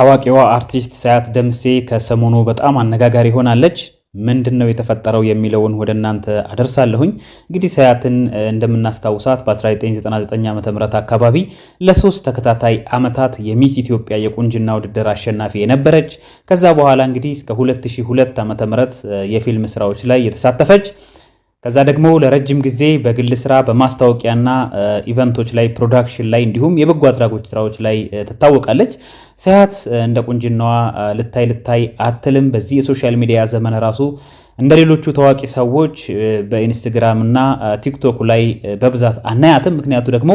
ታዋቂዋ አርቲስት ሳያት ደምሴ ከሰሞኑ በጣም አነጋጋሪ ሆናለች። ምንድን ነው የተፈጠረው የሚለውን ወደ እናንተ አደርሳለሁኝ። እንግዲህ ሳያትን እንደምናስታውሳት በ1999 ዓ ም አካባቢ ለሶስት ተከታታይ ዓመታት የሚስ ኢትዮጵያ የቁንጅና ውድድር አሸናፊ የነበረች ከዛ በኋላ እንግዲህ እስከ 2002 ዓ ም የፊልም ስራዎች ላይ የተሳተፈች ከዛ ደግሞ ለረጅም ጊዜ በግል ስራ በማስታወቂያና ኢቨንቶች ላይ ፕሮዳክሽን ላይ እንዲሁም የበጎ አድራጎት ስራዎች ላይ ትታወቃለች። ሳያት እንደ ቁንጅናዋ ልታይ ልታይ አትልም። በዚህ የሶሻል ሚዲያ ዘመን ራሱ እንደ ሌሎቹ ታዋቂ ሰዎች በኢንስትግራም እና ቲክቶክ ላይ በብዛት አናያትም። ምክንያቱ ደግሞ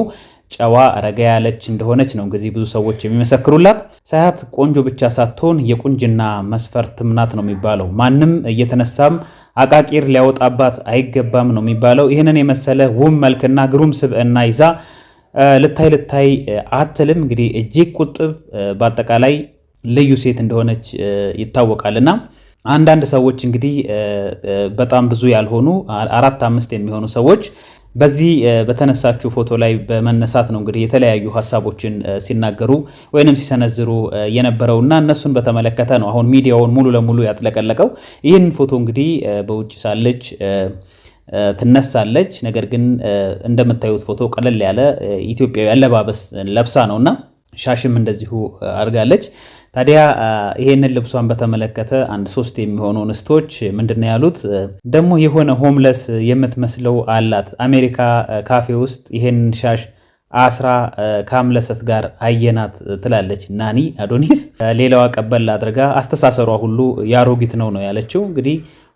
ጨዋ ረጋ ያለች እንደሆነች ነው እንግዲህ ብዙ ሰዎች የሚመሰክሩላት። ሳያት ቆንጆ ብቻ ሳትሆን የቁንጅና መስፈርትም ናት ነው የሚባለው። ማንም እየተነሳም አቃቂር ሊያወጣባት አይገባም ነው የሚባለው። ይህንን የመሰለ ውብ መልክና ግሩም ስብዕና ይዛ ልታይ ልታይ አትልም። እንግዲህ እጅግ ቁጥብ፣ በአጠቃላይ ልዩ ሴት እንደሆነች ይታወቃልና አንዳንድ ሰዎች እንግዲህ በጣም ብዙ ያልሆኑ አራት አምስት የሚሆኑ ሰዎች በዚህ በተነሳችው ፎቶ ላይ በመነሳት ነው እንግዲህ የተለያዩ ሀሳቦችን ሲናገሩ ወይንም ሲሰነዝሩ የነበረው እና እነሱን በተመለከተ ነው አሁን ሚዲያውን ሙሉ ለሙሉ ያጥለቀለቀው። ይህን ፎቶ እንግዲህ በውጭ ሳለች ትነሳለች። ነገር ግን እንደምታዩት ፎቶ ቀለል ያለ ኢትዮጵያዊ አለባበስ ለብሳ ነው እና ሻሽም እንደዚሁ አድርጋለች። ታዲያ ይሄንን ልብሷን በተመለከተ አንድ ሶስት የሚሆኑ እንስቶች ምንድነው ያሉት? ደግሞ የሆነ ሆምለስ የምትመስለው አላት አሜሪካ ካፌ ውስጥ ይሄንን ሻሽ አስራ ከአምለሰት ጋር አየናት ትላለች ናኒ አዶኒስ። ሌላዋ ቀበል አድርጋ አስተሳሰሯ ሁሉ ያሮጊት ነው ነው ያለችው። እንግዲህ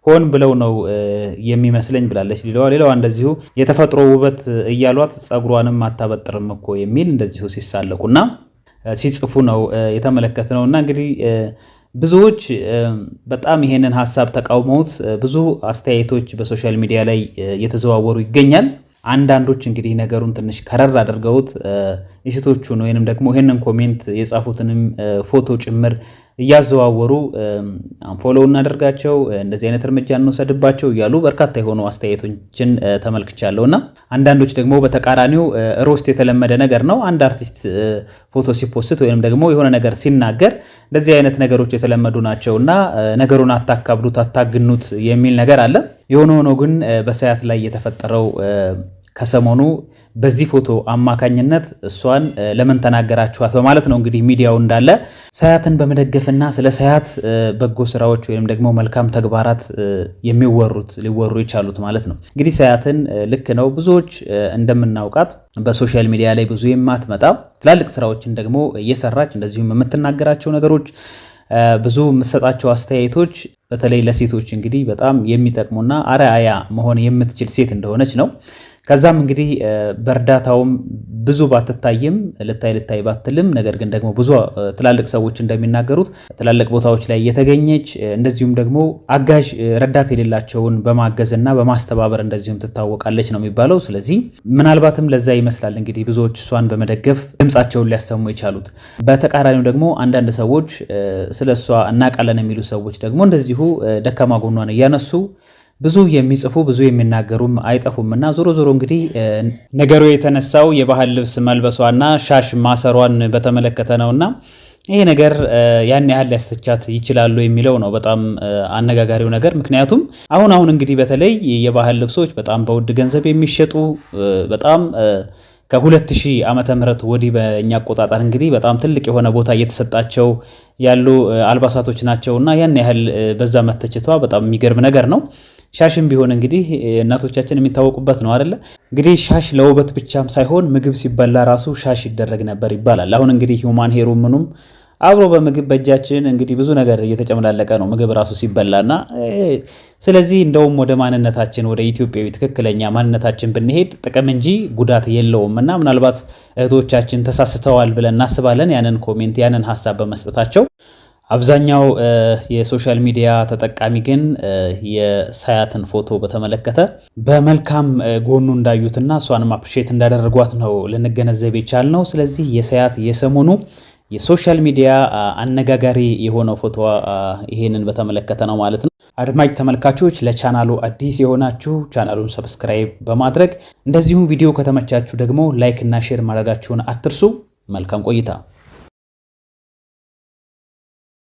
ሆን ብለው ነው የሚመስለኝ ብላለች ሌላዋ። ሌላዋ እንደዚሁ የተፈጥሮ ውበት እያሏት ጸጉሯንም አታበጥርም እኮ የሚል እንደዚሁ ሲሳለቁና ሲጽፉ ነው የተመለከት ነው እና እንግዲህ ብዙዎች በጣም ይሄንን ሀሳብ ተቃውመውት ብዙ አስተያየቶች በሶሻል ሚዲያ ላይ እየተዘዋወሩ ይገኛል። አንዳንዶች እንግዲህ ነገሩን ትንሽ ከረር አድርገውት የሴቶቹን ወይንም ደግሞ ይህንን ኮሜንት የጻፉትንም ፎቶ ጭምር እያዘዋወሩ አንፎሎው እናደርጋቸው፣ እንደዚህ አይነት እርምጃ እንወሰድባቸው እያሉ በርካታ የሆኑ አስተያየቶችን ተመልክቻለሁ እና አንዳንዶች ደግሞ በተቃራኒው ሮስት የተለመደ ነገር ነው። አንድ አርቲስት ፎቶ ሲፖስት ወይም ደግሞ የሆነ ነገር ሲናገር እንደዚህ አይነት ነገሮች የተለመዱ ናቸው እና ነገሩን አታካብዱት፣ አታግኑት የሚል ነገር አለ። የሆነ ሆኖ ግን በሰያት ላይ የተፈጠረው ከሰሞኑ በዚህ ፎቶ አማካኝነት እሷን ለምን ተናገራችኋት በማለት ነው እንግዲህ ሚዲያው እንዳለ ሳያትን በመደገፍና ስለ ሳያት በጎ ስራዎች ወይም ደግሞ መልካም ተግባራት የሚወሩት ሊወሩ የቻሉት ማለት ነው። እንግዲህ ሳያትን ልክ ነው ብዙዎች እንደምናውቃት በሶሻል ሚዲያ ላይ ብዙ የማትመጣ ትላልቅ ስራዎችን ደግሞ እየሰራች እንደዚሁም የምትናገራቸው ነገሮች ብዙ የምትሰጣቸው አስተያየቶች በተለይ ለሴቶች እንግዲህ በጣም የሚጠቅሙና አርአያ መሆን የምትችል ሴት እንደሆነች ነው ከዛም እንግዲህ በእርዳታውም ብዙ ባትታይም ልታይ ልታይ ባትልም፣ ነገር ግን ደግሞ ብዙ ትላልቅ ሰዎች እንደሚናገሩት ትላልቅ ቦታዎች ላይ የተገኘች እንደዚሁም ደግሞ አጋዥ ረዳት የሌላቸውን በማገዝ እና በማስተባበር እንደዚሁም ትታወቃለች ነው የሚባለው። ስለዚህ ምናልባትም ለዛ ይመስላል እንግዲህ ብዙዎች እሷን በመደገፍ ድምፃቸውን ሊያሰሙ የቻሉት። በተቃራኒው ደግሞ አንዳንድ ሰዎች ስለ እሷ እናቃለን የሚሉ ሰዎች ደግሞ እንደዚሁ ደካማ ጎኗን እያነሱ ብዙ የሚጽፉ ብዙ የሚናገሩም አይጠፉም እና ዞሮ ዞሮ እንግዲህ ነገሩ የተነሳው የባህል ልብስ መልበሷና ሻሽ ማሰሯን በተመለከተ እና ይሄ ነገር ያን ያህል ሊያስተቻት ይችላሉ የሚለው ነው በጣም አነጋጋሪው ነገር። ምክንያቱም አሁን አሁን እንግዲህ በተለይ የባህል ልብሶች በጣም በውድ ገንዘብ የሚሸጡ በጣም ከ ሺህ ዓመተ ምህረት ወዲህ በእኛ አቆጣጠር እንግዲህ በጣም ትልቅ የሆነ ቦታ እየተሰጣቸው ያሉ አልባሳቶች እና ያን ያህል በዛ መተችቷ በጣም የሚገርም ነገር ነው። ሻሽም ቢሆን እንግዲህ እናቶቻችን የሚታወቁበት ነው አደለ? እንግዲህ ሻሽ ለውበት ብቻም ሳይሆን ምግብ ሲበላ ራሱ ሻሽ ይደረግ ነበር ይባላል። አሁን እንግዲህ ሂውማን ሄሩ ምኑም አብሮ በምግብ በእጃችን እንግዲህ ብዙ ነገር እየተጨመላለቀ ነው ምግብ ራሱ ሲበላና፣ ስለዚህ እንደውም ወደ ማንነታችን ወደ ኢትዮጵያዊ ትክክለኛ ማንነታችን ብንሄድ ጥቅም እንጂ ጉዳት የለውም እና ምናልባት እህቶቻችን ተሳስተዋል ብለን እናስባለን ያንን ኮሜንት ያንን ሀሳብ በመስጠታቸው አብዛኛው የሶሻል ሚዲያ ተጠቃሚ ግን የሳያትን ፎቶ በተመለከተ በመልካም ጎኑ እንዳዩትና እሷንም አፕሪሼት እንዳደረጓት ነው ልንገነዘብ የቻልነው። ስለዚህ የሳያት የሰሞኑ የሶሻል ሚዲያ አነጋጋሪ የሆነው ፎቶ ይሄንን በተመለከተ ነው ማለት ነው። አድማጭ ተመልካቾች ለቻናሉ አዲስ የሆናችሁ ቻናሉን ሰብስክራይብ በማድረግ እንደዚሁም ቪዲዮ ከተመቻችሁ ደግሞ ላይክ እና ሼር ማድረጋችሁን አትርሱ። መልካም ቆይታ